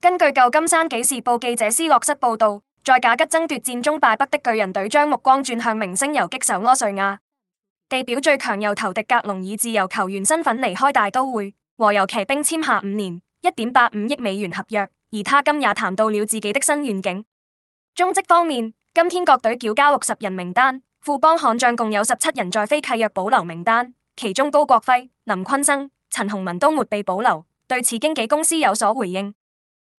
根據舊金山紀事報記者斯洛斯報道，在賈吉爭奪戰中敗北的巨人隊將目光轉向明星游擊手柯瑞亞，地表最強右投迪格隆以自由球員身份離開大都會，和遊騎兵簽下五年一點八五億美元合約。而他今也談到了自己的新願景。中職方面，今天各隊繳交六十人名單，富邦悍將共有十七人在非契約保留名單，其中高國輝、林坤生、陳鴻文都沒被保留。對此，經紀公司有所回應。